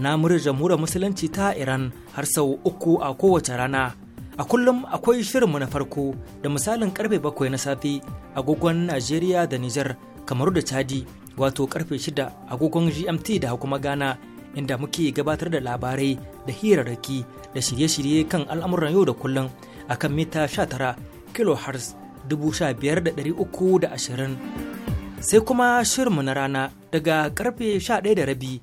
na muryar jamhuriyar musulunci ta Iran har sau uku a kowace rana. A kullum akwai shirinmu na farko da misalin karfe bakwai na safe agogon Najeriya da Nijar kamar da Chadi wato karfe shida agogon GMT da kuma Ghana inda muke gabatar da labarai da hirarraki da shirye-shirye kan al'amuran yau da kullum kan mita 19 kilohertz 15,320 sai kuma shirinmu na rana daga karfe 11 da rabi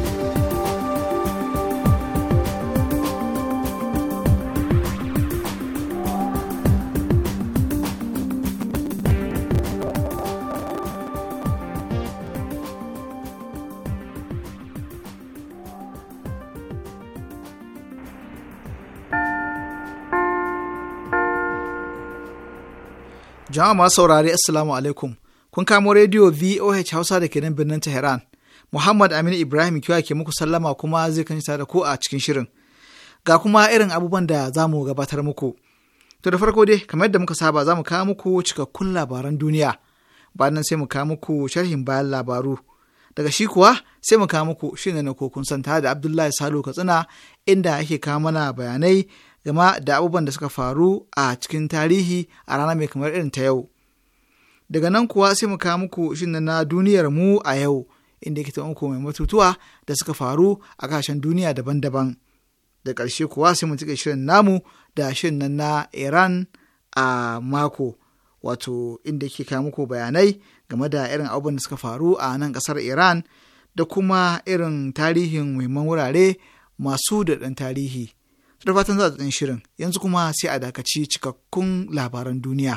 Jama'a masu saurari Assalamu alaikum. Kun kamo rediyo VOH Hausa da ke nan birnin Tehran. Muhammad Aminu Ibrahim kiwa ke muku sallama kuma zai kan da ku a cikin shirin. Ga kuma irin abubuwan da za mu gabatar muku. To da farko dai kamar yadda muka saba za mu kawo muku cikakkun labaran duniya. Bayan nan sai mu kawo muku sharhin bayan labaru. Daga shi kuwa sai mu kawo muku shirin na kokun santa da Abdullahi Salo Katsina inda ake kawo mana bayanai game da abubuwan da suka faru a cikin tarihi a rana mai kamar irin ta yau. Daga nan kuwa sai mu kawo muku shin na duniyar mu a yau inda ke taimako mai matutuwa da suka faru a kasashen duniya daban-daban. Da ƙarshe kuwa sai mu cika shirin namu da shirin nan na Iran a mako wato inda ke kawo muku bayanai game da irin abubuwan da suka faru a nan ƙasar Iran da kuma irin tarihin muhimman wurare masu da ɗan tarihi. da fatan za ta shirin yanzu kuma sai a dakaci cikakkun labaran duniya.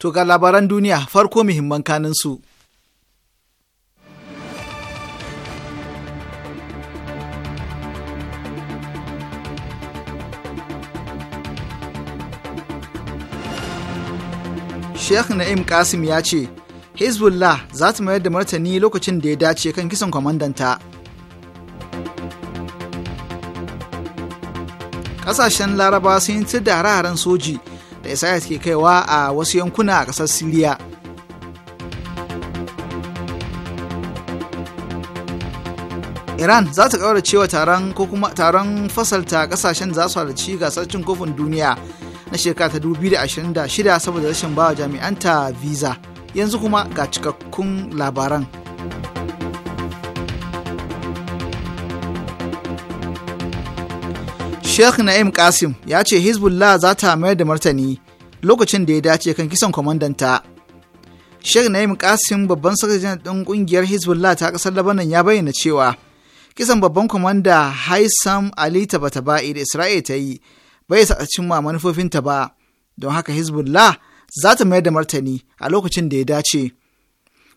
To ga labaran duniya farko muhimman su Sheikh Na'im Kasim ya ce, Hezbollah za ta mayar da martani lokacin da ya dace kan kisan kwamandanta. Ƙasashen Laraba sun yi da hare soji da Isra'il ke kaiwa a wasu yankuna a ƙasar Siriya. Iran za ta ƙaura cewa taron fasalta ƙasashen za su halarci gasar cin kofin duniya na shekara ta 2026 saboda rashin bawa jami'anta visa yanzu kuma ga cikakkun labaran sheikh na'im kasim ya ce hezbollah za ta mayar da martani lokacin da ya dace kan kisan kwamandanta sheikh na'im kasim babban sakataren ɗin ƙungiyar hezbollah ta ƙasar labanan ya bayyana cewa kisan babban kwamanda haisam ali tabatabai da Isra'il ta yi bai sa cimma manufofinta ba don haka hezbollah za ta mayar da martani a lokacin da ya dace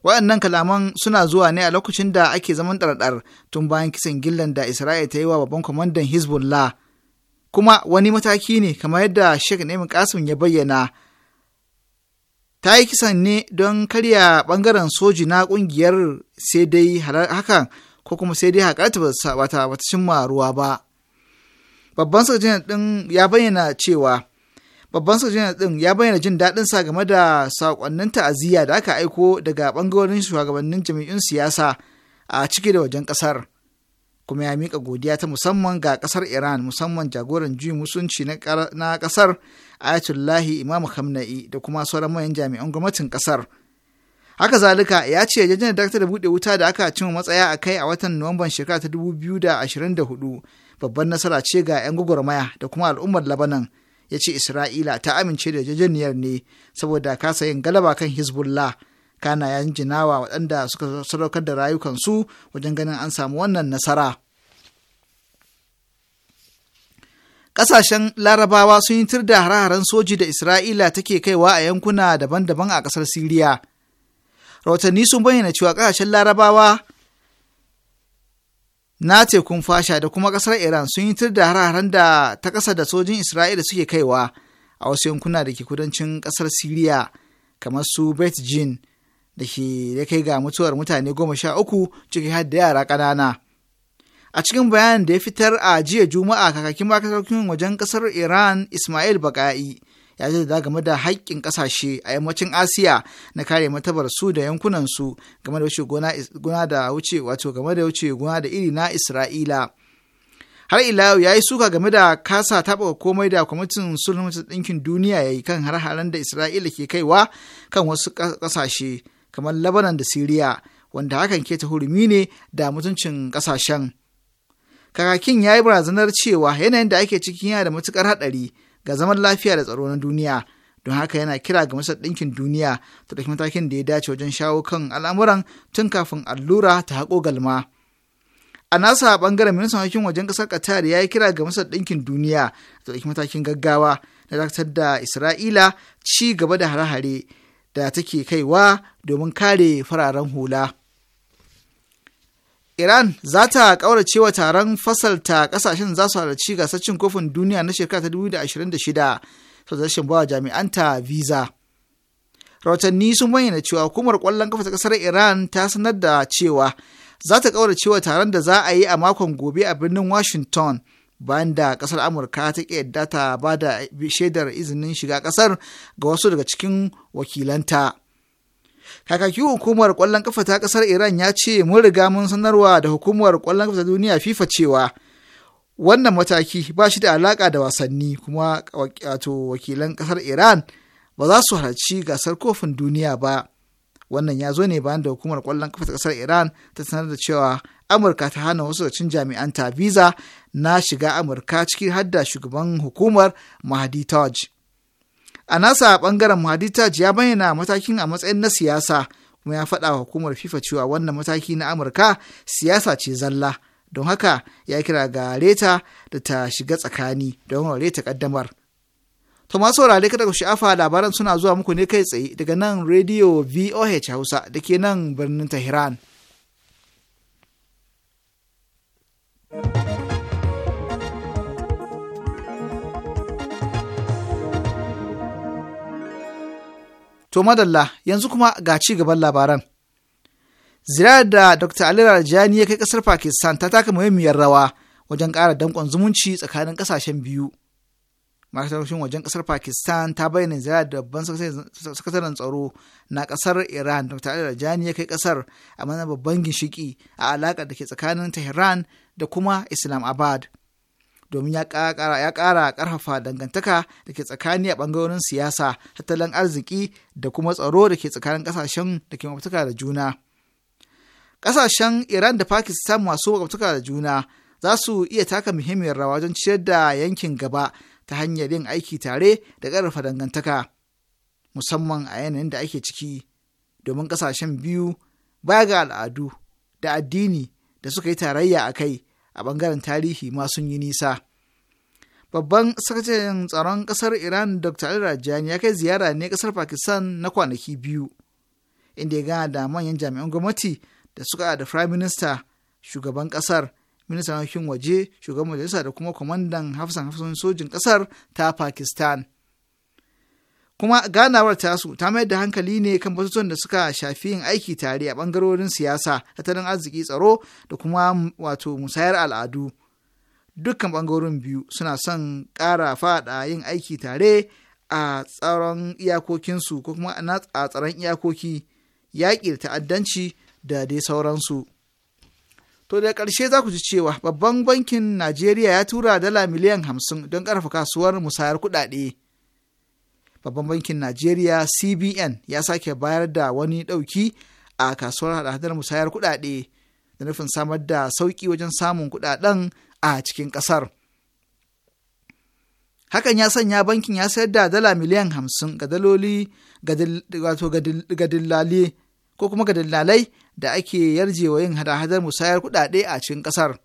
waɗannan kalaman suna zuwa ne a lokacin da ake zaman ɗarɗar tun bayan kisan gillan da Isra'il ta yi wa babban kwamandan hezbollah kuma wani mataki ne kamar yadda Sheikh Naimin Kasim ya bayyana. Ta yi kisan ne don karya ɓangaren soji na ƙungiyar sai dai hakan ko kuma sai dai haƙarta ba ta cimma ruwa ba. babban sakataren ɗin ya bayyana cewa babban sakataren ɗin ya bayyana jin daɗin sa game da sakonnin ta'aziyya da aka aiko daga bangarorin shugabannin jami'un siyasa a ciki da wajen ƙasar kuma ya miƙa godiya ta musamman ga ƙasar iran musamman jagoran juyin musunci na ƙasar ayatullahi imam hamna'i da kuma sauran manyan jami'an gwamnatin ƙasar haka zalika ya ce jajen da da buɗe wuta da aka cimma matsaya a kai a watan nuwamban shekara ta 2024 babban nasara ce ga 'yan gwagwarmaya da kuma al'ummar labanan ya ce isra'ila ta amince da yarjejeniyar ne saboda kasa yin galaba kan hezbollah kana yan jinawa waɗanda suka sadaukar da rayukansu wajen ganin an samu wannan nasara Ƙasashen larabawa sun yi tir da hare-haren soji da isra'ila take kaiwa a yankuna daban-daban a ƙasar siriya rahotanni sun bayyana cewa ƙasashen larabawa na tekun fasha da kuma kasar iran sun yi tur da hararen da ta ƙasa da sojin isra'ila suke kaiwa a wasu yankuna da ke kudancin ƙasar siriya kamar su bet jin da ke da kai ga mutuwar mutane goma sha uku ciki har da yara ƙanana a cikin bayanin da ya fitar a jiya juma'a kakakin makasarkin wajen ƙasar iran ismail baka'i ya jaddada game da haƙƙin ƙasashe a yammacin asiya na kare matabar su da yankunan su game da wuce gona da wuce wato game da wuce gona da iri na isra'ila har ila yau ya yi suka game da kasa taɓa komai da kwamitin sulhun ɗinkin duniya ya yi kan har-haren da isra'ila ke kaiwa kan wasu ƙasashe kamar labanan da siriya wanda hakan ke ta hurumi ne da mutuncin ƙasashen kakakin ya yi barazanar cewa yanayin da ake cikin yana da matukar haɗari ga zaman lafiya da tsaro na duniya don haka yana kira ga masar ɗinkin duniya ta ɗauki matakin da ya dace wajen shawo kan al'amuran tun kafin allura ta haƙo galma a nasa ɓangaren ministan harkokin wajen ƙasar qatar ya yi kira ga masar ɗinkin duniya ta ɗauki matakin gaggawa na dakatar da isra'ila ci gaba da hare-hare da take kaiwa domin kare fararen hula. Iran za ta ƙaurace wa taron fasalta ƙasashen za su halarci gasar kofin duniya na shekara ta 2026 sau rashin bawa jami'anta visa. Rahotanni sun bayyana cewa hukumar ƙwallon kafa ta ƙasar Iran ta sanar da cewa za ta ƙaurace wa taron da za a yi a makon gobe a birnin Washington bayan da ƙasar Amurka ta ƙi yadda ta ba da shaidar izinin shiga ƙasar ga wasu daga cikin wakilanta. kakaki hukumar kwallon kafa ta kasar iran ya ce mun riga mun sanarwa da hukumar kwallon kafa ta duniya fifa cewa wannan mataki ba shi da alaka da wasanni kuma wato wakilan kasar iran ba za su halarci gasar kofin duniya ba wannan ya zo ne bayan da hukumar kwallon kafa ta kasar iran ta sanar da cewa amurka ta hana wasu cin jami'an ta visa na shiga amurka cikin hadda shugaban hukumar mahadi taj a nasa bangaren mahadi ya bayyana matakin a matsayin na siyasa kuma ya faɗa wa hukumar fifa cewa wannan mataki na amurka siyasa ce zalla don haka ya kira ga reta da ta shiga tsakani don ware ta kaddamar to masu wurare kada ku sha'afa labaran suna zuwa muku ne kai tsaye daga nan radio voh hausa da ke nan birnin tehran thank To madalla yanzu kuma ga ci gaban labaran. Ziyarar da Dr. Ali Rajani ya kai ƙasar Pakistan ta taka muhimmiyar rawa wajen ƙara danƙon zumunci tsakanin ƙasashen biyu. Ma'aikatar wajen ƙasar Pakistan ta bayyana ziyarar da babban sakataren tsaro na ƙasar Iran Dr. Ali Rajani ya kai ƙasar a mana babban ginshiki a alaƙar da ke tsakanin Tehran da kuma Islamabad. domin ya ƙara ƙarfafa dangantaka da ke tsakani a bangarorin siyasa tattalin arziki da kuma tsaro da ke tsakanin ƙasashen da ke makwabtaka da juna ƙasashen iran da pakistan masu makwabtaka da juna za su iya taka muhimmiyar rawa wajen ciyar da yankin gaba ta hanyar yin aiki tare da ƙarfafa dangantaka musamman a yanayin da ake ciki domin ƙasashen biyu baya ga al'adu da addini da suka yi tarayya a kai a bangaren tarihi ma sun yi nisa. Babban sakataren tsaron ƙasar Iran Dr. Ali Rajani ya kai ziyara ne ƙasar Pakistan na kwanaki biyu, inda ya gana da manyan jami'an gwamnati da suka da Firayim Minista, shugaban ƙasar, ministan harkokin waje, shugaban majalisa da kuma kwamandan hafsan hafsan sojin ƙasar ta Pakistan. kuma ganawar tasu ta mayar da hankali ne kan batutuwan da suka shafi yin aiki tare a bangarorin siyasa tattalin arziki tsaro da kuma wato musayar al'adu dukkan bangarorin biyu suna son ƙara faɗa yin aiki tare a tsaron iyakokinsu ko kuma a tsaron iyakoki yaƙi da ta'addanci da dai sauransu to da ƙarshe za ku ji cewa babban bankin najeriya ya tura dala miliyan hamsin don ƙarfafa kasuwar musayar kuɗaɗe babban bankin najeriya cbn ya sake bayar da wani ɗauki a kasuwar hadahadar musayar kuɗaɗe da nufin samar da sauki wajen samun kuɗaɗen a cikin ƙasar hakan ya sanya bankin ya sayar da dala miliyan hamsin ga daloli ga ko kuma ga dillalai da ake yarjewa yin hadahadar musayar kuɗaɗe a cikin ƙasar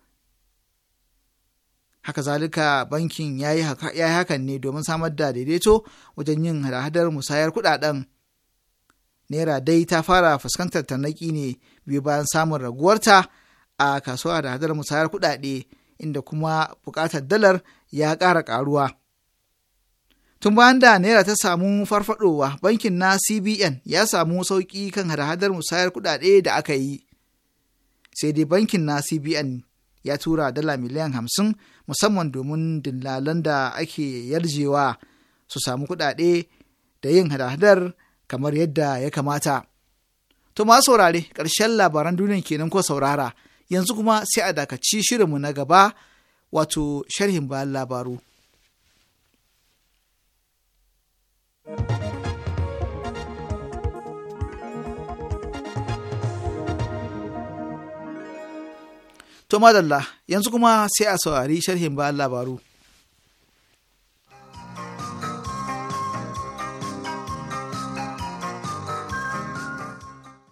haka zalika bankin ya yi hakan ne domin samar da daidaito wajen yin hada-hadar musayar kudaden naira dai ta fara fuskantar tarnaki ne biyu bayan samun raguwarta a kasuwa da hadar musayar kudade inda kuma bukatar dalar ya ƙara karuwa. Tun bayan da Naira ta samu farfadowa bankin na CBN ya samu sauƙi kan hada-hadar musayar kudade da aka yi. Sai dai bankin na CBN ya tura dala miliyan hamsin musamman domin dillalan da ake yarjewa su samu kuɗaɗe da yin hada-hadar kamar yadda ya kamata. To masu saurare ƙarshen labaran duniyan kenan ko saurara yanzu kuma sai a dakaci shirinmu na gaba wato sharhin bayan labaru. To madalla yanzu kuma sai a saurari sharhin bayan labaru.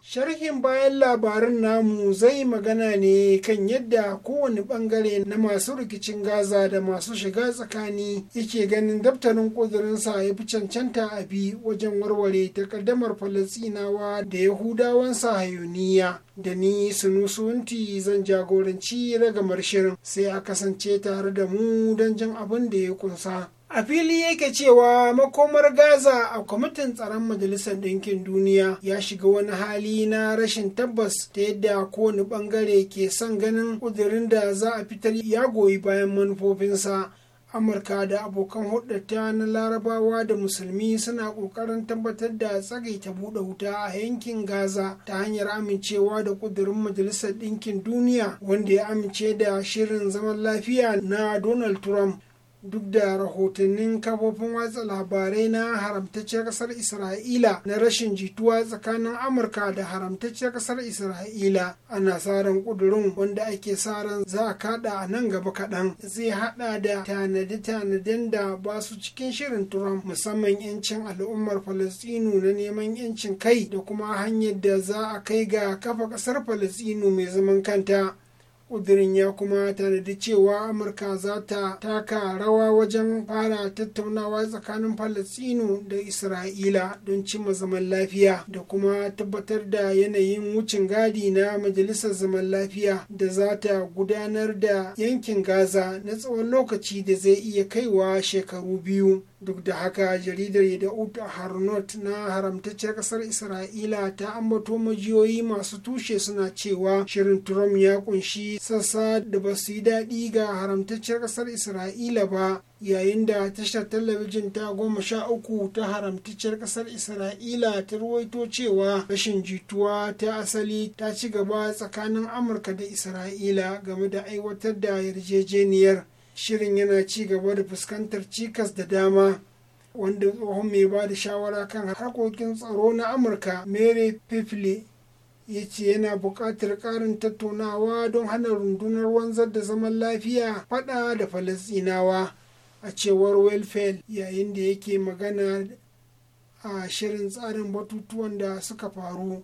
sharhin bayan labarin namu zai magana ne kan yadda kowane bangare na masu rikicin gaza da masu shiga tsakani yake ganin daftarin ƙudurinsa ya fi cancanta a bi wajen warware takaddamar falasinawa da yahudawan sahayuniya da ni sunusunti zan jagoranci ragamar shirin sai a kasance tare da mu don jin abin da ya kunsa a fili yake cewa makomar gaza a kwamitin tsaron majalisar ɗinkin duniya ya shiga wani hali na rashin tabbas ta yadda kowane ɓangare ke son ganin ƙudurin da za a fitar ya goyi bayan manufofinsa amurka da abokan hudata na larabawa da musulmi suna ƙoƙarin tabbatar da tsagaita buɗe wuta a yankin gaza ta hanyar amincewa da ƙudurin majalisar ɗinkin duniya wanda ya amince da shirin zaman lafiya na donald trump duk da rahotannin kafofin watsa labarai na haramtacciyar ƙasar isra'ila na rashin jituwa tsakanin amurka da haramtacciyar ƙasar isra'ila ana tsarin kudurin wanda ake ran za a kada a nan gaba kaɗan zai haɗa da tanade-tanaden da ba su cikin shirin trump musamman yancin al'ummar falastinu na neman yancin kai da kuma hanyar da za a kai ga kafa ƙasar falastinu mai zaman kanta ƙudirin ya kuma tanadi cewa amurka za ta taka rawa wajen fara tattaunawa tsakanin falastinu da isra'ila don cimma zaman lafiya da kuma tabbatar da yanayin wucin gadi na majalisar zaman lafiya da za ta gudanar da yankin gaza na tsawon lokaci da zai iya kaiwa shekaru biyu duk da haka jaridar yadda'ut harnot na haramtacciyar kasar isra'ila ta ambato majiyoyi masu tushe suna cewa shirin trump ya kunshi sassa da ba su yi daɗi ga haramtacciyar kasar isra'ila ba yayin da tashar talabijin ta goma sha uku ta haramtacciyar kasar isra'ila ta ruwaito cewa rashin jituwa ta asali ta ci gaba tsakanin amurka da isra'ila game da aiwatar da yarjejeniyar shirin yana ci gaba da fuskantar cikas da dama wanda tsohon mai ba da shawara kan harkokin tsaro na amurka mary pifle ya ce yana buƙatar ƙarin tattaunawa don hana rundunar wanzar da zaman lafiya faɗa da falasɗinawa a cewar welfare yayin da yake magana a shirin tsarin batutuwan da suka faru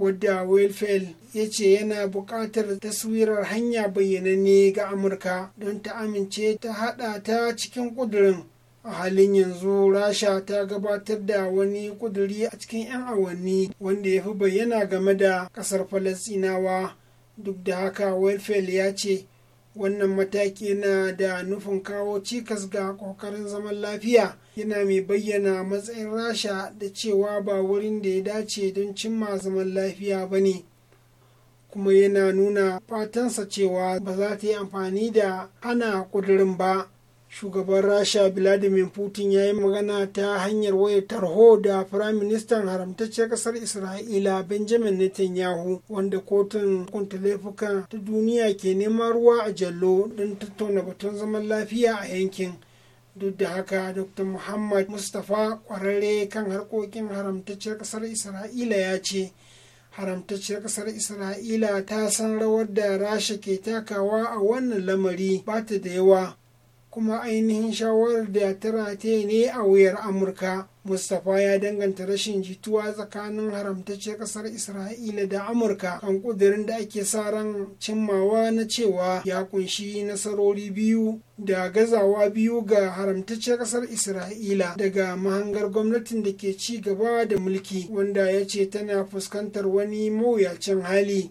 wadda welfel ya ce yana buƙatar taswirar hanya bayyananne ga amurka don ta amince ta haɗa ta cikin ƙudurin a halin yanzu rasha ta gabatar da wani ƙuduri a cikin 'yan awanni wanda ya fi bayyana game da ƙasar falasinawa duk da haka welfel ya ce wannan mataki na da nufin kawo cikas ga kokarin zaman lafiya yana mai bayyana matsayin rasha da cewa ba wurin da ya dace don cimma zaman lafiya ba ne kuma yana nuna fatansa cewa ba za ta yi amfani da hana ƙudurin ba shugaban rasha vladimir putin ya yi magana ta hanyar wayar tarho da prime minister haramtacciyar kasar isra'ila benjamin netanyahu wanda kotun hukunta laifuka ta duniya ke neman ruwa a jallo don tattauna batun zaman lafiya a yankin duk da haka dr muhammad mustapha kwararre kan harkokin haramtacciyar kasar isra'ila ya ce haramtacciyar kasar isra'ila ta san rawar da rasha ke takawa a wannan lamari ba ta da yawa kuma ainihin shawarar da ta rataye ne a wuyar amurka mustapha ya danganta rashin jituwa tsakanin haramtacciyar kasar isra'ila da amurka kan kudirin da ake sa ran cimmawa na cewa ya kunshi nasarori biyu da gazawa biyu ga haramtacciyar kasar isra'ila daga mahangar gwamnatin da ke ci gaba da mulki wanda ya ce tana fuskantar wani mawuyacin hali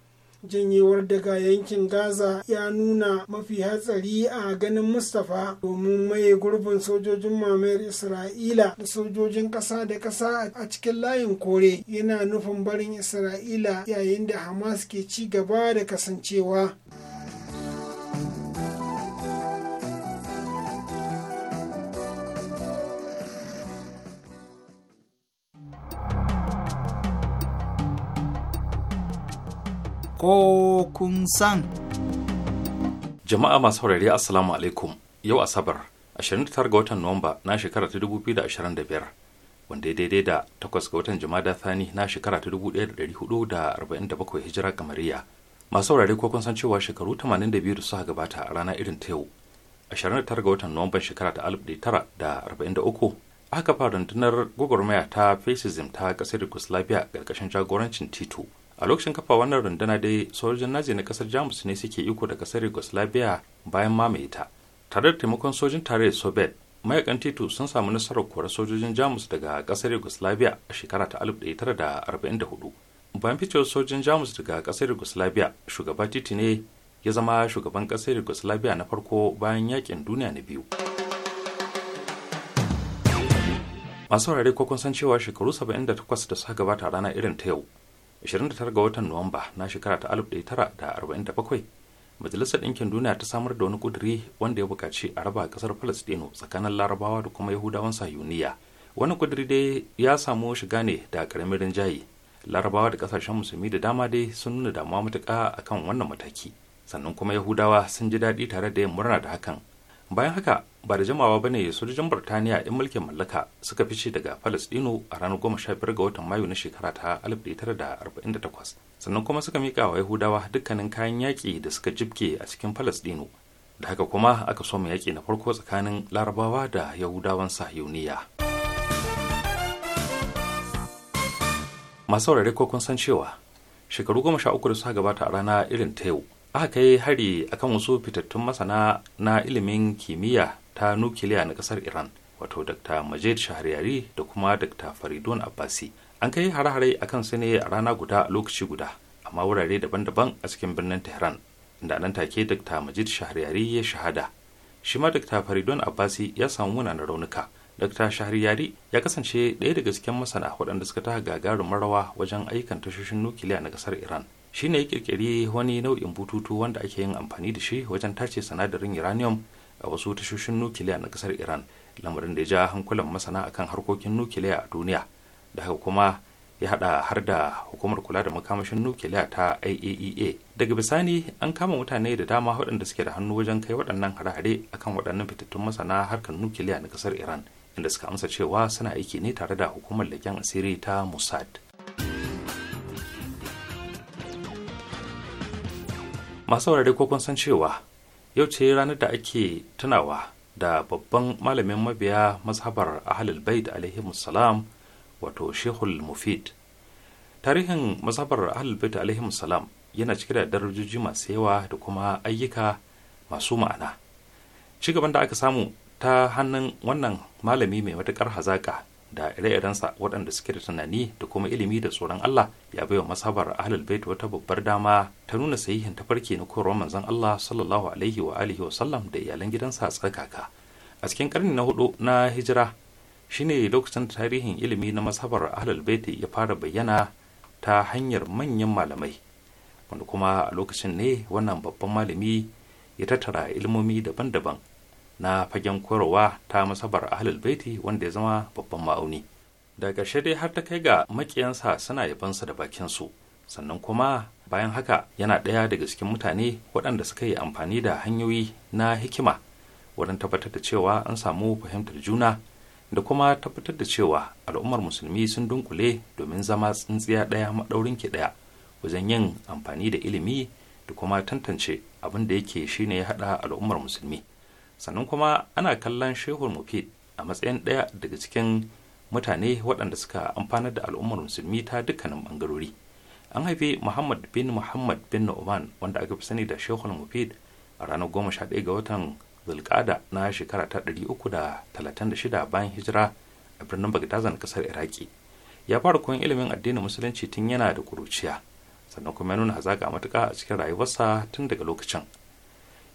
janyewar daga yankin gaza ya nuna mafi hatsari a ganin mustapha domin maye gurbin sojojin mamayar isra'ila da sojojin ƙasa da ƙasa a cikin layin kore yana nufin barin isra'ila yayin da hamas ke ci gaba da kasancewa ko kun san. Jama'a masu haurari Assalamu alaikum yau Asabar 29 ga watan Nuwamba na shekara ta 2025 wanda ya daidai da 8 ga watan Jumada Thani na shekara ta 1447 hijira kamariya. Masu haurari ko kun san cewa shekaru 82 da suka gabata a rana irin ta yau 29 ga watan nuwamba shekara ta 1943 aka fara rundunar gwagwarmaya ta fascism ta ƙasar Yugoslavia ƙarƙashin jagorancin Tito. a lokacin kafa wannan rundunar dai sojojin nazi na kasar jamus ne suke iko da kasar yugoslavia bayan mamaye ta tare da taimakon sojin tarayyar soviet mayakan titu sun samu nasarar kora sojojin jamus daga kasar yugoslavia a shekara ta 1944 bayan fitowar sojin jamus daga kasar yugoslavia shugaba titi ne ya zama shugaban kasar yugoslavia na farko bayan yakin duniya na biyu masu saurare ko kun san cewa shekaru 78 da suka gabata rana irin ta yau 29 ga watan nuwamba na shekara ta 1947 majalisar ɗinkin duniya ta samar da wani ƙuduri wanda ya buƙaci a raba ƙasar palestino tsakanin larabawa da kuma yahudawan sayuniya wani ƙuduri dai ya samu shiga ne da ƙaramin rinjaye larabawa da ƙasashen musulmi da dama dai sun nuna damuwa matuƙa akan wannan mataki sannan kuma yahudawa sun ji daɗi tare da yin murna da hakan bayan haka ba da jamawa ba ne sojojin burtaniya 'yan mulkin mallaka suka fice daga palestino a ranar 15 ga watan mayu na shekara ta 1948 sannan kuma suka miƙa wa yahudawa dukkanin kayan yaƙi da suka jibge a cikin palestino da haka kuma aka soma yaƙi na farko tsakanin larabawa da yahudawan sahiyoniya masu saurare ko kun san cewa shekaru goma sha uku da suka gabata a rana irin ta yau aka kai hari akan wasu fitattun masana na ilimin kimiyya ta nukiliya na kasar iran wato dr majid shahariyari da kuma dr faridun abbasi an kai hare-hare akan su ne a rana guda a lokaci guda amma wurare daban-daban a cikin birnin tehran inda nan take dr majid shahariyari ya shahada shi ma dr faridun abbasi ya samu munanan raunuka dr shahariyari ya kasance ɗaya daga cikin masana waɗanda suka ta gagarumin rawa wajen ayyukan tashoshin nukiliya na ƙasar iran shine ya kirkiri wani nau'in bututu wanda ake yin amfani da shi wajen tace sinadarin uranium a wasu tashoshin nukiliya na kasar iran lamarin da ya ja hankulan masana akan harkokin nukiliya a duniya da haka kuma ya hada har da hukumar kula da makamashin nukiliya ta iaea e daga bisani an kama mutane da dama waɗanda suke da hannu wajen kai waɗannan hare-hare akan waɗannan fitattun masana harkar nukiliya na kasar iran inda suka amsa cewa suna aiki ne tare da hukumar leken asiri ta mossad masu saurare ko kun san cewa yau ce ranar da ake tunawa da babban malamin mabiya mazhabar ahlul bait alaihi salam wato shehul mufid tarihin mazhabar ahlul bait alaihi salam yana cike da darajoji masu yawa da kuma ayyuka masu ma'ana gaban da aka samu ta hannun wannan malami mai matuƙar hazaƙa da ire-irensa waɗanda suke da tunani da kuma ilimi da tsoron Allah ya bai wa masabar ahlul bait wata babbar dama ta nuna sahihin tafarki na koyarwar manzon Allah sallallahu alaihi wa alihi wa sallam da iyalan gidansa tsarkaka a cikin karni na hudu na hijira shine lokacin tarihin ilimi na masabar ahlul bait ya fara bayyana ta hanyar manyan malamai wanda kuma a lokacin ne wannan babban malami ya tattara ilmomi daban-daban na fagen koyarwa ta masabar ahlul baiti wanda ya zama babban ma'auni da ƙarshe dai har ta kai ga makiyansa suna yabansa da bakinsu sannan kuma bayan haka yana ɗaya daga cikin mutane waɗanda suka yi amfani da hanyoyi na hikima wurin tabbatar da cewa an samu fahimtar juna da kuma tabbatar da cewa al'ummar musulmi sun dunkule domin zama tsintsiya ɗaya maɗaurin ki ɗaya wajen yin amfani da ilimi da kuma tantance abin da yake shine ya haɗa al'ummar musulmi sannan kuma ana kallon shehu mufid a matsayin ɗaya daga cikin mutane waɗanda suka amfanar da al'ummar musulmi ta dukkanin bangarori an haifi muhammad bin muhammad bin nu'man wanda aka fi sani da shehu mufid a ranar goma sha ɗaya ga watan zulkada na shekara ta ɗari uku da da talatin shida bayan hijira a birnin bagdazan kasar iraki ya fara koyon ilimin addinin musulunci tun yana da kuruciya sannan kuma ya nuna hazaƙa matuƙa a cikin rayuwarsa tun daga lokacin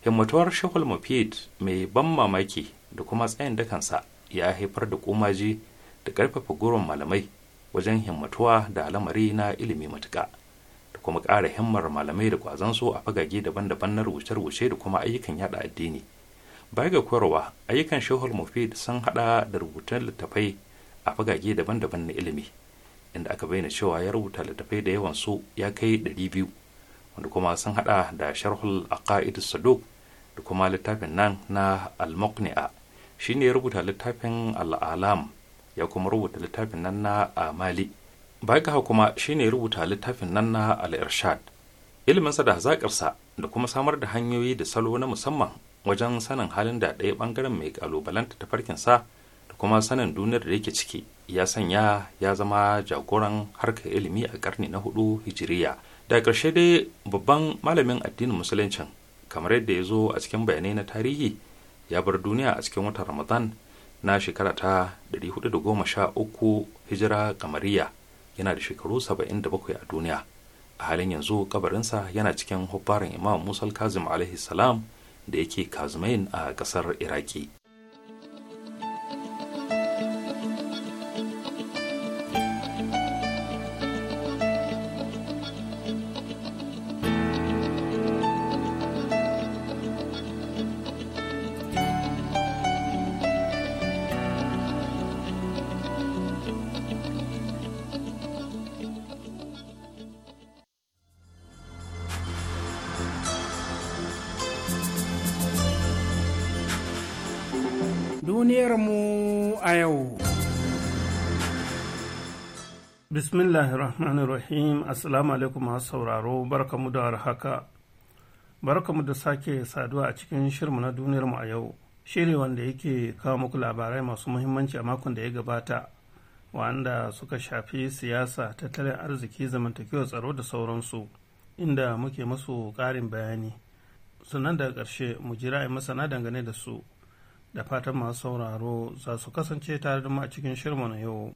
himmatuwar shehul mufid mai ban mamaki da kuma tsayin dakansa ya haifar da komaji da ƙarfafa gurin malamai wajen himmatuwa da lamari na ilimi matuka da kuma ƙara himmar malamai da kwazansu a fagage daban-daban na rubuce-rubuce da kuma ayyukan yada addini baya ga koyarwa ayyukan shehul mufid sun hada da rubutun littafai a fagage daban-daban na ilimi inda aka bayyana cewa ya rubuta littafai da yawan su ya kai 200 wanda kuma sun hada da sharhul aqaid saduq da kuma littafin nan na al-muqni'a ne ya rubuta littafin al-alam ya kuma rubuta littafin nan na amali bai ga kuma shine ya rubuta littafin nan na al-irshad iliminsa da hazaƙarsa da kuma samar da hanyoyi da salo na musamman wajen sanin halin da ɗaya ɓangaren mai ƙalubalanta ta sa da kuma sanin duniyar da yake ciki ya sanya ya zama jagoran harkar ilimi a ƙarni na hudu hijiriya da ƙarshe dai babban malamin addinin musuluncin kamar yadda ya zo a cikin bayanai na tarihi ya bar duniya a cikin watan ramadan na shekara ta 413 hijira kamariya yana da shekaru 77 a duniya a halin yanzu kabarinsa yana cikin hubbarin imam musal kazim alaihi salam da yake kazimain a kasar iraki Bismillahirrahmanirrahim. Assalamu alaikum masu sauraro, barkamu da haka. Barkamu da sake saduwa a cikin shirmu na duniyarmu a yau. Shiri wanda yake kawo muku labarai masu muhimmanci a makon da ya gabata, wanda suka shafi siyasa, tattalin arziki, zamantakewar tsaro da sauransu, inda muke masu ƙarin bayani. Sannan daga ƙarshe mu jira a masana dangane da su, da fatan masu sauraro za su kasance tare da mu a cikin shirmu na yau.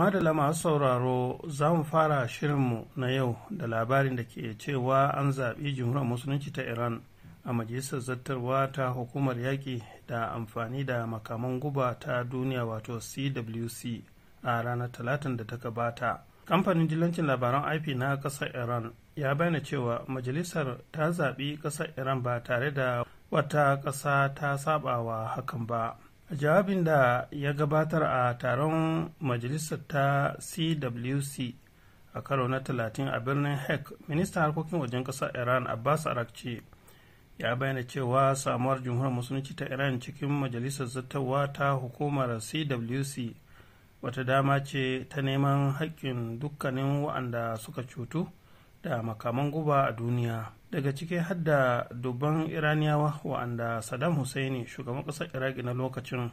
Madala masu sauraro za mu fara shirinmu na yau da labarin da ke cewa an zaɓi jumhuriyar musulunci ta Iran a majalisar zartarwa ta hukumar yaƙi da amfani da makaman guba ta duniya wato CWC a ranar talatin da ta gabata. Kamfanin jilancin labaran IP na ƙasar Iran ya bayyana cewa majalisar ta zaɓi ƙasar Iran ba tare da wata ƙasa ta saɓawa hakan ba. a jawabin da ya gabatar a taron majalisar ta cwc a karo na 30 a birnin heck ministan harkokin wajen ƙasar iran abbas arakci ya bayyana cewa samuwar jamhuriyar musulunci ta iran cikin majalisar zattawa ta hukumar cwc wata dama ce ta neman haƙƙin dukkanin waɗanda suka cutu da makaman guba a duniya daga ciki hadda dubban iraniyawa wa'anda saddam hussein shugaban ƙasar iraki na lokacin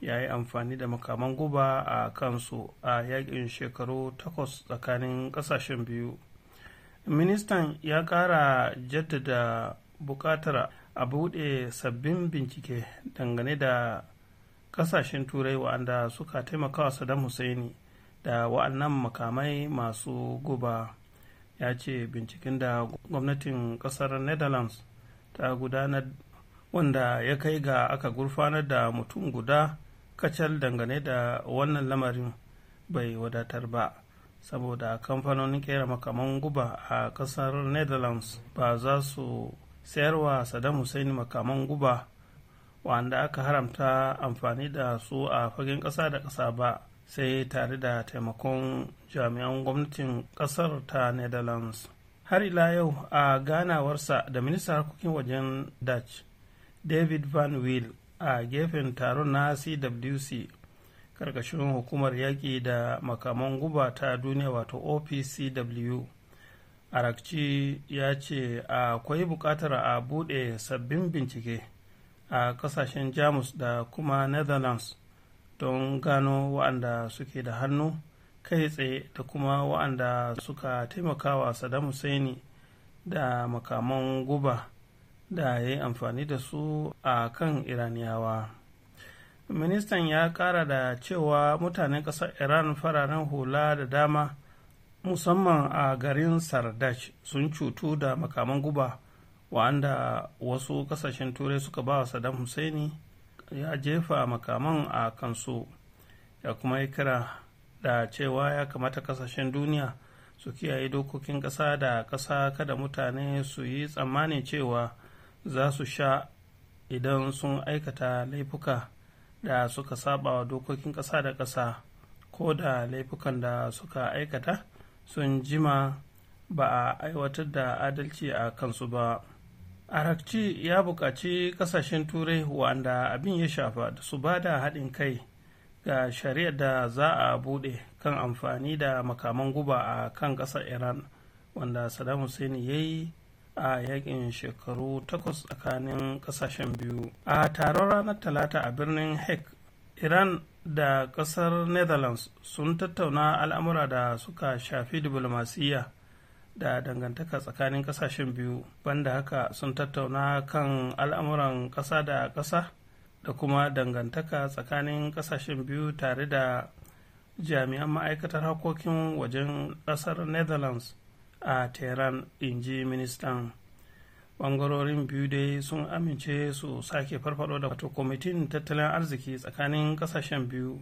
ya yi amfani da makaman guba a kansu a yakin shekaru takwas tsakanin ƙasashen biyu ministan ya ƙara jaddada buƙatar a buɗe sabbin bincike dangane da ƙasashen turai wa'anda suka taimaka wa saddam hussein da wa'annan makamai masu guba. ya ce binciken da gwamnatin kasar netherlands ta gudanar wanda ya kai ga aka gurfanar da mutum guda kacal dangane da wannan lamarin bai wadatar ba saboda kamfanonin kera makaman guba a kasar netherlands ba za su sayarwa saddam hussein makaman guba wanda aka haramta amfani da su a fagen kasa da kasa ba sai tare da taimakon jami'an gwamnatin kasar ta netherlands har ila yau a ganawarsa da minista harkokin wajen dutch david van will a gefen taron na cwc karkashin hukumar yaƙi da makaman guba ta duniya wato opcw arakci ya ce akwai buƙatar a buɗe sabbin bincike a ƙasashen jamus da kuma netherlands don gano wa'anda suke da hannu kai tsaye da kuma wa'anda suka taimaka wa Saddam Hussein da makaman guba da ya yi amfani da su a kan Iraniyawa. Ministan ya kara da cewa mutanen ƙasar Iran fararen hula da dama musamman a garin Sardash sun cutu da makaman guba wa'anda wasu ƙasashen turai suka ba wa Saddam Hussein ya jefa makaman a kansu ya kuma yi kira da cewa ya kamata kasashen duniya su kiyaye dokokin ƙasa da ƙasa kada mutane su yi tsammanin cewa za su sha idan sun aikata laifuka da suka saba wa dokokin ƙasa da ƙasa ko da laifukan da suka aikata sun jima ba a aiwatar da adalci a kansu ba. arakci ya buƙaci ƙasashen turai wanda abin ya shafa da su ba da haɗin kai ga shari'ar da za a buɗe kan amfani da makaman guba a kan ƙasar iran wanda saddam hussein ya yi a yakin shekaru takwas tsakanin ƙasashen biyu a taron ranar talata a birnin hague iran da ƙasar netherlands sun tattauna al'amura da suka shafi diplomasiyya da dangantaka tsakanin kasashen biyu banda haka sun tattauna kan al'amuran ƙasa da ƙasa da kuma dangantaka tsakanin kasashen biyu tare da jami'an ma'aikatar harkokin wajen ƙasar netherlands a tehran inji ministan ɓangarorin biyu dai sun amince su sake farfado da wato kwamitin tattalin arziki tsakanin ƙasashen biyu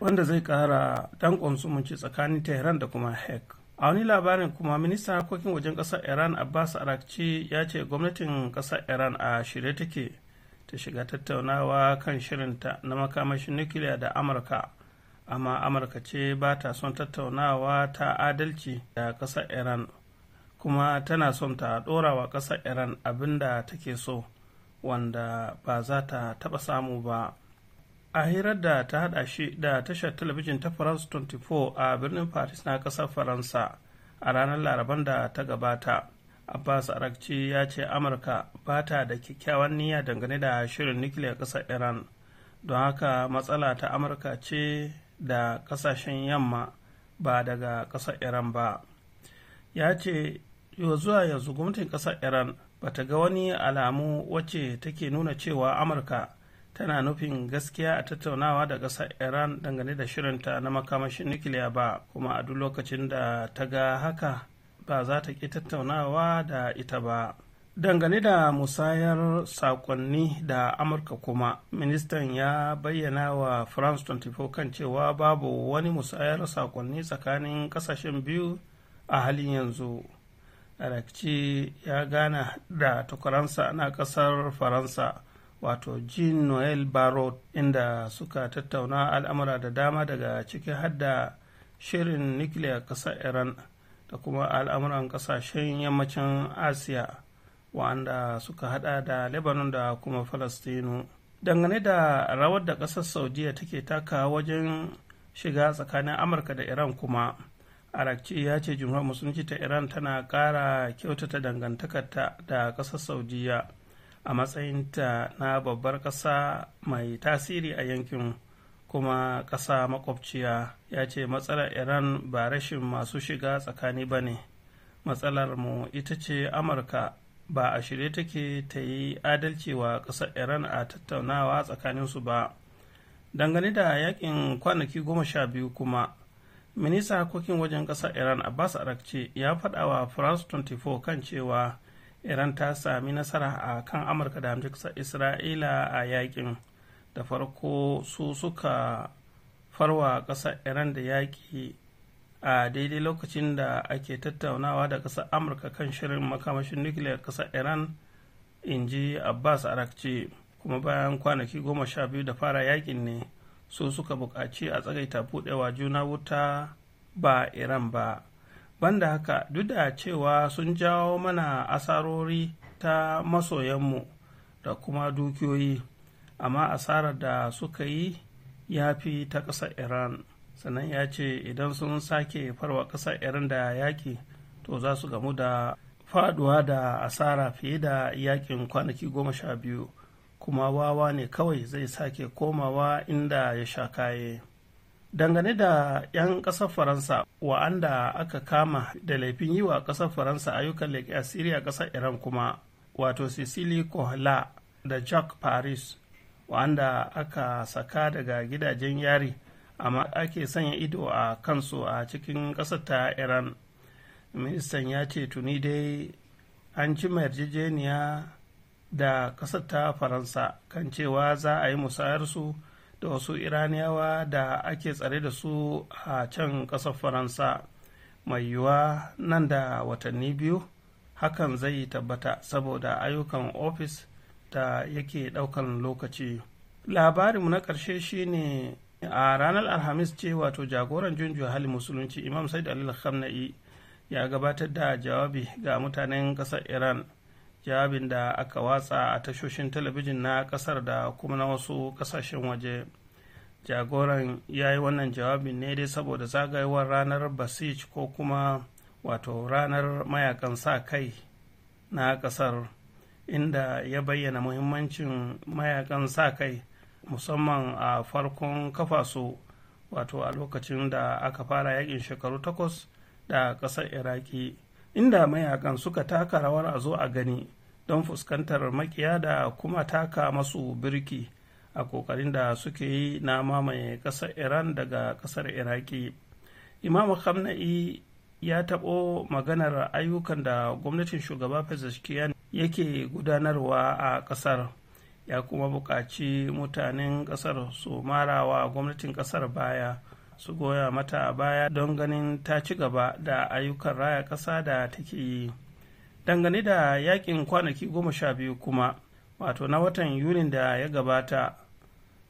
wanda zai ƙara danƙon sumunci tsakanin tehran da kuma hek a wani labarin kuma ministan harkokin wajen ƙasar iran abbas arakci ya ce gwamnatin ƙasar iran a shirye take ta shiga tattaunawa kan shirinta na makamashin nukiliya da amurka amma amurka ce ba ta son tattaunawa ta adalci da ƙasar iran kuma tana son ta ɗora wa ƙasar iran abin da take so wanda ba za ta taɓa samu ba a hirar da ta hada shi da tashar talabijin ta france 24 a birnin paris na kasar faransa a ranar laraban da ta gabata abbas arakci ya ce amurka ba ta da kyakkyawan niyya dangane da shirin nukiliyar kasar iran don haka matsala ta amurka ce da kasashen yamma ba daga kasar iran ba ya ce zuwa yanzu gwamnatin kasar iran ba ta ga wani alamu wacce take nuna cewa amurka tana nufin gaskiya a tattaunawa da ƙasar iran dangane da shirinta na makamashin nukiliya ba kuma a duk lokacin da ta ga haka ba za ta ƙi tattaunawa da ita ba dangane da musayar sakonni da amurka kuma ministan ya bayyana wa france 24 kan cewa babu wani musayar sakonni tsakanin kasashen biyu a halin yanzu arakci ya gana da tukuransa na kasar faransa wato jean noel barrow inda suka tattauna al'amura da dama daga ciki hadda shirin nukiliyar ƙasar iran da kuma al'amuran ƙasashen yammacin asiya wanda suka hada da lebanon da kuma falastinu dangane da rawar da ƙasar saudiya take taka wajen shiga tsakanin amurka da iran kuma arakci ya ce jumhuriyar musulunci ta iran tana ƙara kyautata dangantakarta da ƙasar saudiya a matsayinta na babbar ƙasa mai tasiri a yankin kuma ƙasa makwabciya ya ce matsalar iran ba rashin masu shiga tsakani ba ne matsalar mu ita ce amurka ba a shirye take ta yi adalci wa ƙasar iran a tattaunawa tsakaninsu ba dangane da yakin kwanaki goma sha biyu kuma minista harkokin wajen ƙasar iran abbas arakci ya faɗa wa france 24 kan cewa iran ta sami nasara a kan amurka da hamjiksa isra'ila a yakin da farko su suka farwa ƙasar iran da yaƙi a daidai lokacin da ake tattaunawa da ƙasar amurka kan shirin makamashin nukiliyar ƙasar iran in ji abbas arakci kuma bayan kwanaki goma sha biyu da fara yakin ne su suka buƙaci a tsagaita buɗewa juna wuta ba iran ba banda haka duk da cewa sun jawo mana asarori ta masoyanmu da kuma dukiyoyi amma asarar da suka yi ya fi ta ƙasa iran sannan ya ce idan sun sake farwa ƙasa iran da yaƙi to za su gamu da faduwa da asara fiye da yaƙin kwanaki goma sha biyu kuma wawa ne kawai zai sake komawa inda ya sha kaye dangane da 'yan ƙasar faransa wa'anda aka kama da laifin yi wa ƙasar faransa ayyukan leƙi asiri a ƙasar iran kuma wato cecily kohla da jack paris wa'anda aka saka daga gidajen yari amma ake sanya ido a kansu a cikin kasar ta iran ministan ya ce tuni dai an ci yarjejeniya da ƙasar ta faransa kan cewa za a yi musayar su. da wasu iraniyawa da ake tsare da su a can ƙasar faransa mai yiwuwa nan da watanni biyu hakan zai tabbata saboda ayyukan ofis da yake ɗaukan lokaci mu na ƙarshe shine a ranar alhamis ce wato jagoran junjuya hali musulunci imam said alil khamna'i ya gabatar da jawabi ga mutanen ƙasar iran jawabin da aka watsa a tashoshin talabijin na kasar da kuma na wasu kasashen waje jagoran ya yi wannan jawabin ne dai saboda zagayewar ranar basij ko kuma wato ranar mayakan sa kai na kasar inda ya bayyana muhimmancin mayakan sa kai musamman a farkon kafa su wato a lokacin da aka fara yakin shekaru takwas da ƙasar iraki inda mayakan suka taka rawar a zo a gani don fuskantar makiya da kuma taka masu birki a kokarin da suke yi na mamaye ƙasar iran daga ƙasar iraki imamu khamenei ya taɓo maganar ayyukan da gwamnatin shugaba pezeshkian yake gudanarwa a ƙasar ya kuma buƙaci mutanen ƙasar su marawa gwamnatin ƙasar baya su goya mata a baya don ganin ta ci gaba da ayyukan raya ƙasa da take yi dangane da yakin kwanaki goma sha biyu kuma wato na watan yunin da ya gabata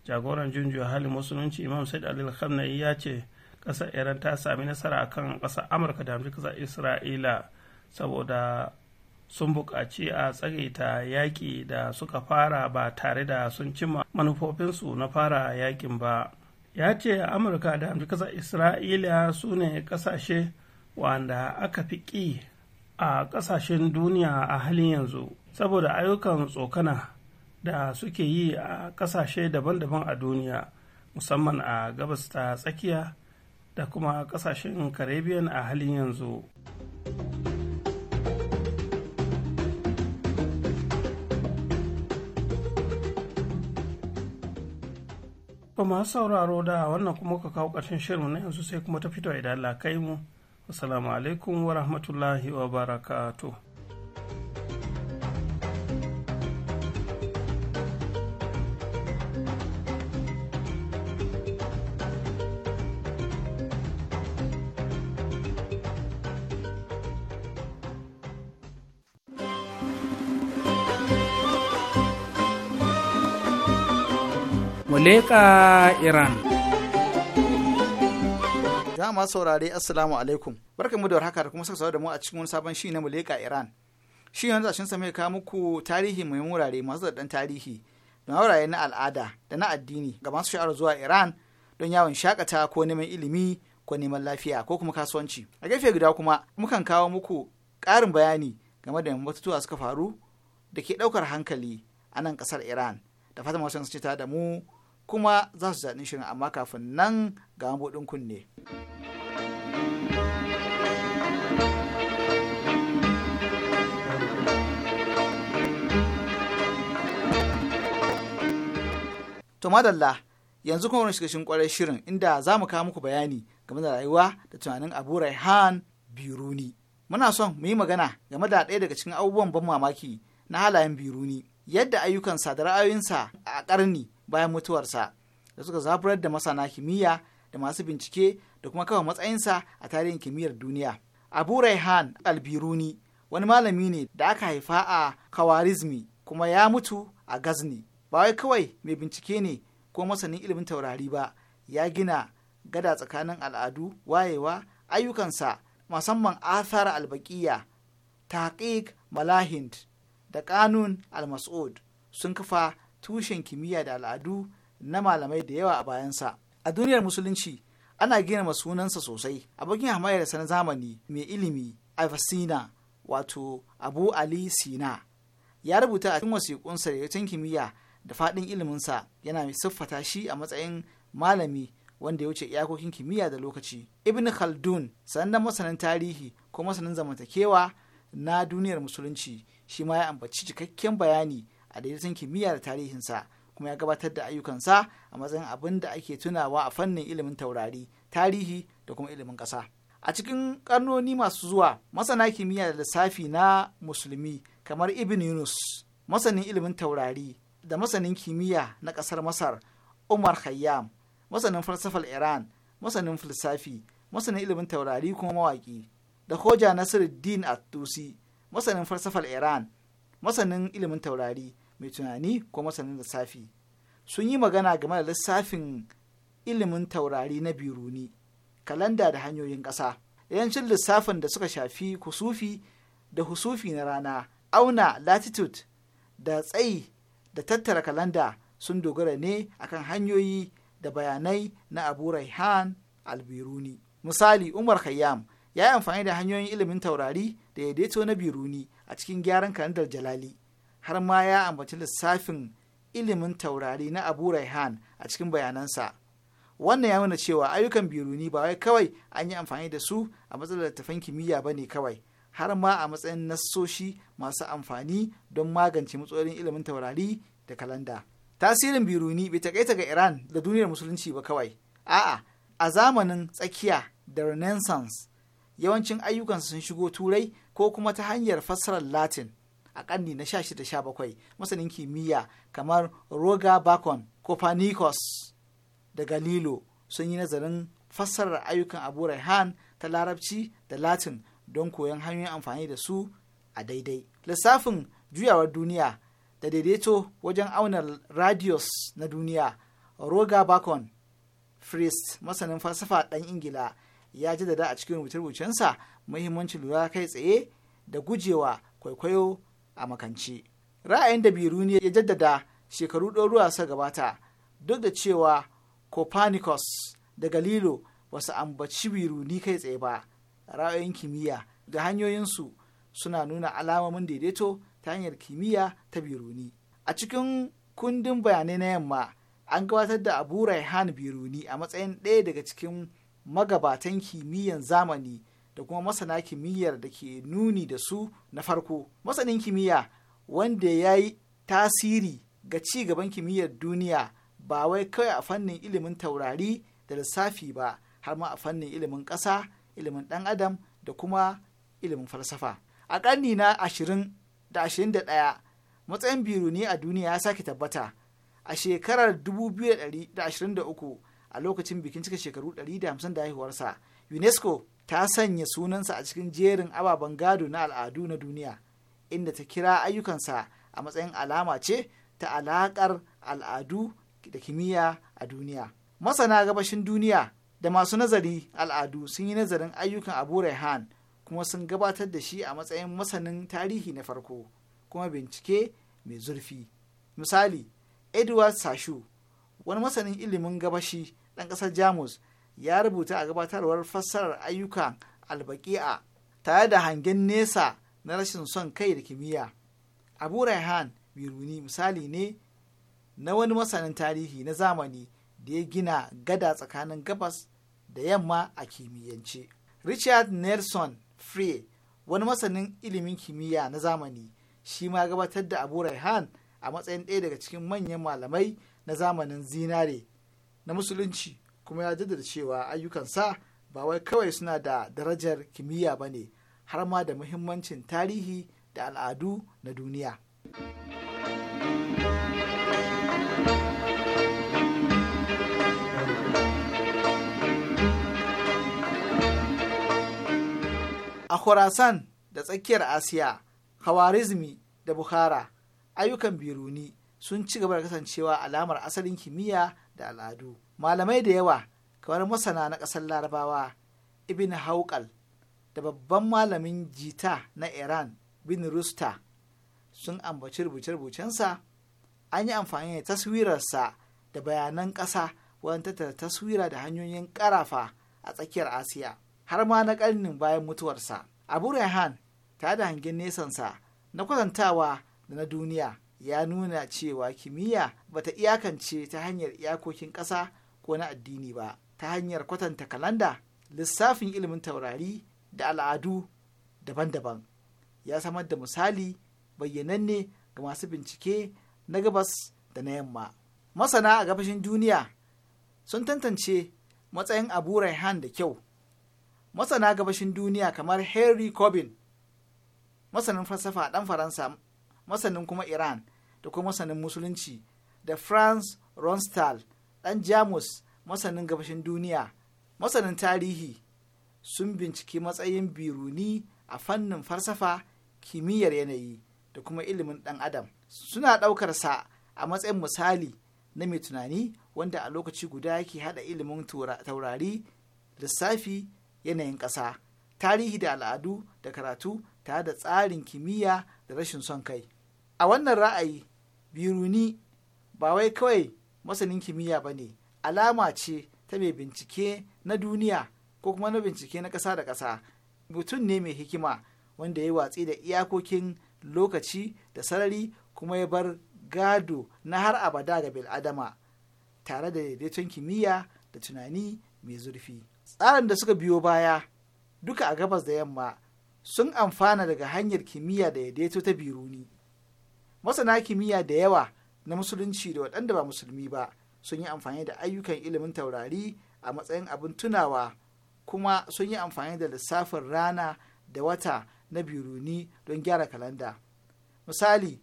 jagoran junjo halin musulunci imam said alil khamnai ya ce ƙasar iran ta sami nasara akan ƙasar amurka da ƙasar isra'ila saboda sun buƙaci a ta yaƙi da suka fara ba tare da sun cimma manufofinsu na fara yaƙin ba ya ce amurka da amurka isra'ila su ne kasashe wanda aka fi ƙi a kasashen duniya a halin yanzu saboda ayyukan tsokana da suke yi a kasashe daban-daban a duniya musamman a gabas ta tsakiya da kuma kasashen caribbean a halin yanzu. masu sauraro da wannan kuma ka kawo ƙarshen shirin na yanzu sai kuma ta fito idan la kai mu. Assalamu alaikum wa rahmatullahi wa barakatuh. leƙa iran dama saurare assalamu alaikum barkamu da warhaka da kuma saka da mu a cikin wani sabon shi na muleka iran shi yanzu a shinsa mai kawo muku tarihi mai murare masu da tarihi da wurare na al'ada da na addini ga masu sha'ar zuwa iran don yawon shakata ko neman ilimi ko neman lafiya ko kuma kasuwanci a gefe guda kuma mukan kawo muku ƙarin bayani game da batutuwa suka faru da ke ɗaukar hankali a nan ƙasar iran da fatan masu ta da mu kuma za su daɗin shirin amma kafin nan ga mabuɗin kunne. To madalla yanzu kuma wani shigashin kwarai shirin inda za mu kawo muku bayani game da rayuwa da tunanin Abu Raihan Biruni. Muna son mu yi magana game da ɗaya daga cikin abubuwan ban mamaki na halayen Biruni, yadda ayyukansa da ra'ayoyinsa a ƙarni bayan mutuwarsa da suka zaburar da masana kimiyya da masu bincike da kuma kawai matsayinsa a tarihin kimiyyar duniya. Abu Raihan Albiruni wani malami ne da aka haifa a Kawarizmi kuma ya mutu a Gazni. Ba wai kawai mai bincike ne ko masanin ilimin taurari ba, ya gina gada tsakanin al'adu, wayewa, ayyukansa musamman athar albaqiya taqiq malahind da kanun al-mas'ud sun kafa tushen kimiyya da al'adu na malamai da yawa a bayansa a duniyar musulunci ana gina masunansa sosai A bakin hamayar sa na zamani mai ilimi afsina wato abu ali sina ya rubuta a cikin wasiƙunsa da kimiyya da faɗin iliminsa yana siffata shi a matsayin malami wanda ya wuce iyakokin kimiyya da lokaci ibn khaldun sanannen masanin tarihi ko masanin zamantakewa na duniyar musulunci shi ma ya ambaci cikakken bayani a daidaiton kimiyya da tarihinsa kuma ya gabatar da ayyukansa a matsayin abin da ake tunawa a fannin ilimin taurari tarihi da kuma ilimin ƙasa a cikin karnoni masu zuwa masana kimiyya da lissafi na musulmi kamar ibn yunus masanin ilimin taurari da masanin kimiyya na ƙasar masar umar khayyam masanin falsafar iran masanin filsafi masanin ilimin taurari kuma mawaƙi da hoja nasiruddin at masanin falsafar iran masanin ilimin taurari mai tunani ko masanin lissafi sun yi magana game da lissafin ilimin taurari na biruni kalanda da hanyoyin ƙasa yancin lissafin da suka shafi kusufi da husufi na rana auna latitude da tsayi da tattara kalanda sun dogara ne akan hanyoyi da bayanai na abu raihan albiruni misali umar khayyam ya yi amfani da hanyoyin ilimin taurari da daidaito na biruni a cikin gyaran kalandar jalali har ma ya ambaci lissafin ilimin taurari na abu raihan a cikin bayanansa wannan ya nuna cewa ayyukan biruni ba wai kawai an yi amfani da su a matsalar littattafan kimiyya ba ne kawai har ma a matsayin nassoshi masu amfani don magance matsalolin ilimin taurari da kalanda tasirin biruni bai takaita ga iran da duniyar musulunci ba kawai a'a a zamanin tsakiya da renaissance yawancin ayyukansu sun shigo turai ko kuma ta hanyar fassarar latin a ƙarni na 16-17 masanin kimiyya kamar roger bacon copernicus da galilo sun yi nazarin fassarar ayyukan abu raihan ta larabci da latin don koyon hanyoyin amfani da su a daidai lissafin juyawar duniya da daidaito wajen auna radius na duniya roger bacon priest masanin falsafa ɗan ingila ya jaddada a cikin rubuce-rubucensa muhimmancin lura kai tsaye da gujewa kwaikwayo a makance ra'ayin da biruni ya jaddada shekaru ɗoruwa sa gabata duk da cewa copernicus da galilo ba su ambaci biruni kai tsaye ba ra'ayin kimiyya da hanyoyinsu suna nuna alamomin daidaito ta hanyar kimiyya ta biruni a cikin kundin bayanai na yamma an gabatar da abu raihan biruni a matsayin ɗaya daga cikin magabatan kimiyyan zamani da kuma masana kimiyyar da ke nuni da su na farko masanin kimiyya wanda ya yi tasiri ga ci gaban kimiyyar duniya ba wai kawai a fannin ilimin taurari da lissafi ba har ma a fannin ilimin ƙasa ilimin ɗan adam da kuma ilimin falsafa a ƙarni na ashirin da ashirin da ɗaya matsayin biruni a duniya ya sake tabbata a shekarar 2023 a lokacin bikin cika shekaru 150 da haihuwarsa unesco ta sanya sunansa a cikin jerin ababen gado na al'adu na duniya inda ta kira ayyukansa a matsayin alama ce ta alaƙar al'adu da kimiyya a duniya masana gabashin duniya da masu nazari al'adu sun yi nazarin ayyukan abu rehan kuma sun gabatar da shi a matsayin masanin tarihi na farko kuma bincike mai zurfi misali edward sashu wani masanin ilimin gabashi ɗan ƙasar jamus ya rubuta a gabatarwar fassarar ayyukan albaki'a tare da hangen nesa na rashin son kai da kimiyya abu raihan biruni misali ne na wani masanin tarihi na zamani da ya gina gada tsakanin gabas da yamma a kimiyyance richard nelson frey wani masanin ilimin kimiyya na zamani shi ma gabatar da abu raihan a matsayin ɗaya daga cikin manyan malamai na zamanin zinare na musulunci kuma ya jaddada cewa ayyukansa ba wai kawai suna da darajar kimiyya ba ne har ma da muhimmancin tarihi da al'adu na duniya. A Khorasan da tsakiyar Asiya, Khawarizmi da Bukhara, ayyukan Biruni sun ci gaba da kasancewa alamar asalin kimiyya da al'adu. malamai da yawa kamar masana na ƙasar larabawa ibn haukal da babban malamin jita na iran bin rusta sun ambaci rubuce-rubucensa an yi amfani da taswirarsa da bayanan ƙasa wajen ta taswira da hanyoyin ƙarafa a tsakiyar asiya har ma na ƙarnin bayan mutuwarsa abu rehan ta da hangen nesansa na kwatantawa da na duniya ya nuna cewa kimiyya bata iyakance ta hanyar iyakokin ƙasa ko addini ba ta hanyar kwatanta kalanda lissafin ilimin taurari da al'adu daban-daban ya samar da misali bayyananne ga masu bincike na gabas da na yamma masana a gabashin duniya sun tantance matsayin abu raihan da kyau masana gabashin duniya kamar henry corbin masanin falsafa dan faransa masanin kuma iran da kuma masanin musulunci da franz ronstadt ɗan jamus masanin gabashin duniya masanin tarihi sun binciki matsayin biruni a fannin farsafa kimiyyar yanayi da kuma ilimin ɗan adam suna ɗaukar sa a matsayin misali na mai tunani wanda a lokaci guda yake haɗa ilimin taurari lissafi yanayin ƙasa tarihi da al'adu da karatu tare da tsarin kimiyya da rashin son kai a wannan ra'ayi biruni ba wai kawai masanin kimiyya ba ne alama ce ta mai bincike na duniya ko kuma na bincike na ƙasa da ƙasa mutum ne mai hikima wanda ya yi watsi da iyakokin lokaci da sarari kuma ya bar gado na har abada ga bil'adama tare da daidaiton kimiyya da tunani mai zurfi tsarin da suka biyo baya duka a gabas da yamma sun amfana daga hanyar kimiyya da daidaito ta biruni masana kimiyya da yawa na musulunci da waɗanda ba musulmi ba sun yi amfani da ayyukan ilimin taurari a matsayin abin tunawa kuma sun yi amfani da lissafin rana da wata na biruni don gyara kalanda misali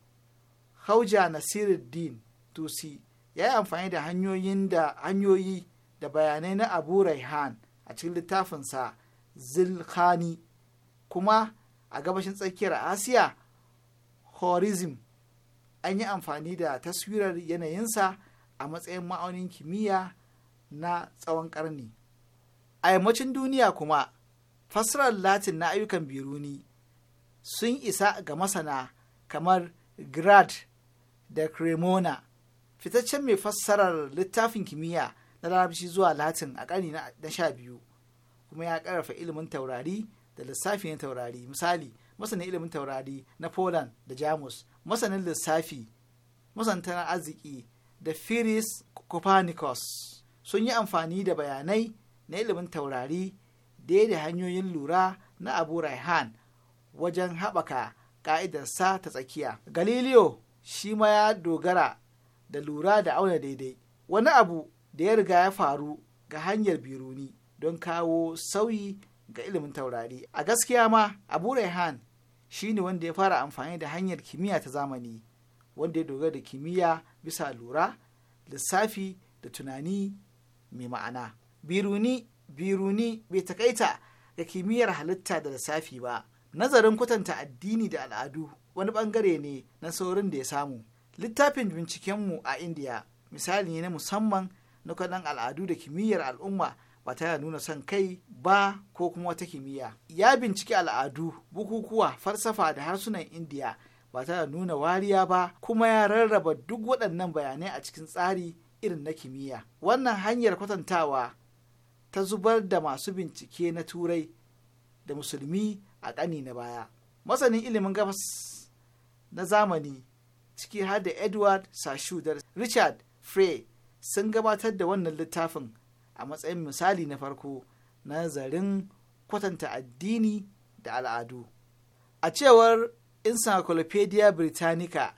hauja nasiruddin tusi ya yi amfani da hanyoyin da hanyoyi da bayanai na abu raihan a cikin littafinsa zilkhani kuma a gabashin tsakiyar asiya horizm an yi amfani da taswirar yanayinsa a matsayin ma'aunin kimiyya na tsawon ƙarni. A yammacin duniya kuma, fassarar Latin na ayyukan biruni sun isa ga masana kamar Grad da Cremona, fitaccen mai fassarar littafin kimiyya na larabci zuwa Latin a ƙarni na sha biyu, kuma ya ƙarafa ilimin taurari da lissafin taurari. Misali, masanin ilimin taurari na Poland da Jamus masanin lissafi masantar arziki da firis copernicus sun yi amfani da bayanai na ilimin taurari da hanyoyin lura na abu raihan wajen haɓaka ƙa'idarsa ta tsakiya galileo shi ma ya dogara da lura da auna daidai wani abu da ya riga ya faru ga hanyar biruni don kawo sauyi ga ilimin taurari a gaskiya ma abu raihan Shi ne wanda ya fara amfani da hanyar kimiyya ta zamani wanda ya dogara da kimiyya bisa lura lissafi da tunani mai ma'ana biruni biruni bai takaita ga kimiyyar halitta da lissafi ba nazarin kwatanta addini da al'adu wani bangare ne na saurin da ya samu littafin bincikenmu a indiya misali ne na musamman na kwanan al'adu da kimiyyar al'umma ba ta da nuna son kai ba ko kuma wata kimiyya ya binciki al'adu bukukuwa farsafa da harsunan indiya ba ta da nuna wariya ba kuma ya rarraba duk waɗannan bayanai a cikin tsari irin na kimiyya wannan hanyar kwatantawa ta zubar da masu bincike na turai da musulmi a ƙani na baya masanin ilimin gabas na zamani ciki har da edward sashu da richard frey sun gabatar da wannan littafin a matsayin misali na farko na zarin kwatanta addini da al'adu a cewar encyclopedia britannica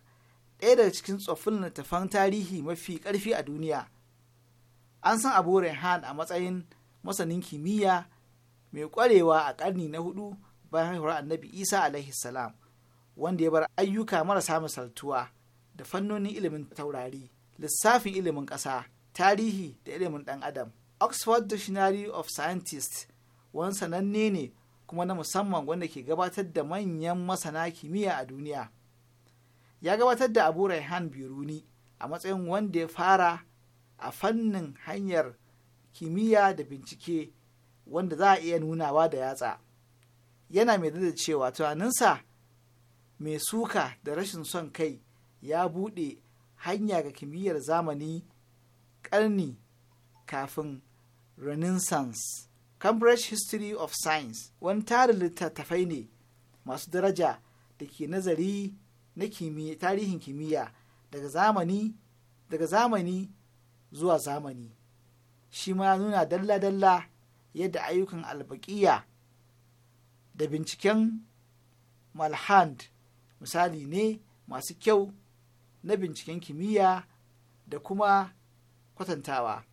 ɗaya daga cikin tsoffin littattafan tarihi mafi ƙarfi a duniya an san abu rehan a matsayin masanin kimiyya mai ƙwarewa a ƙarni na hudu bayan haihuwar annabi isa alaihi salam wanda ya bar ayyuka marasa misaltuwa da fannonin ilimin taurari lissafin ilimin ƙasa tarihi da ilimin ɗan adam oxford dictionary of scientists wani sananne ne kuma na musamman wanda ke gabatar da manyan masana kimiyya a duniya ya gabatar da abu raihan biruni a matsayin wanda ya fara a fannin hanyar kimiyya da bincike wanda za a iya nunawa da yatsa yana mai da cewa tunaninsa mai suka da rashin son kai ya buɗe hanya ga kimiyyar zamani ƙarni kafin renaissance cambridge history of science wani tarin littattafai ne masu daraja da ke nazari na tarihin kimiyya daga zamani daga zamani zuwa zamani shi ma nuna dalla-dalla yadda ayyukan albaƙiya da binciken malhand misali ne masu kyau na binciken kimiyya da kuma kwatantawa.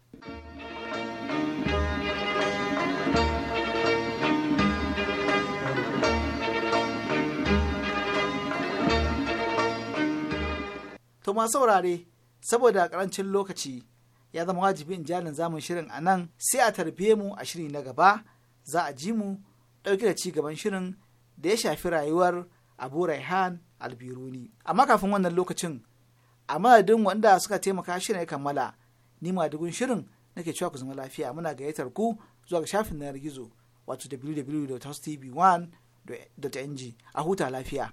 To ma saurare, saboda karancin lokaci ya zama wajibi in jalin zamun shirin a nan sai a tarbiye mu a shiri na gaba za a ji mu ɗauke da ci gaban shirin da ya shafi rayuwar Abu Raihan Albiruni. Amma kafin wannan lokacin, a madadin wanda suka taimaka shirin ya kammala, ni madugun shirin nake cewa ku zama lafiya muna gayyatar ku zuwa ga shafin na gizo wato www.tv1.ng a huta lafiya.